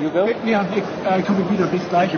You go? Ja, ich, äh, ich komme wieder bis gleich.